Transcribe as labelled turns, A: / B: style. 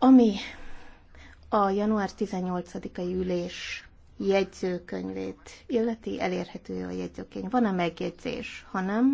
A: Ami a január 18-ai ülés jegyzőkönyvét illeti, elérhető a jegyzőkönyv. Van-e megjegyzés? Ha nem,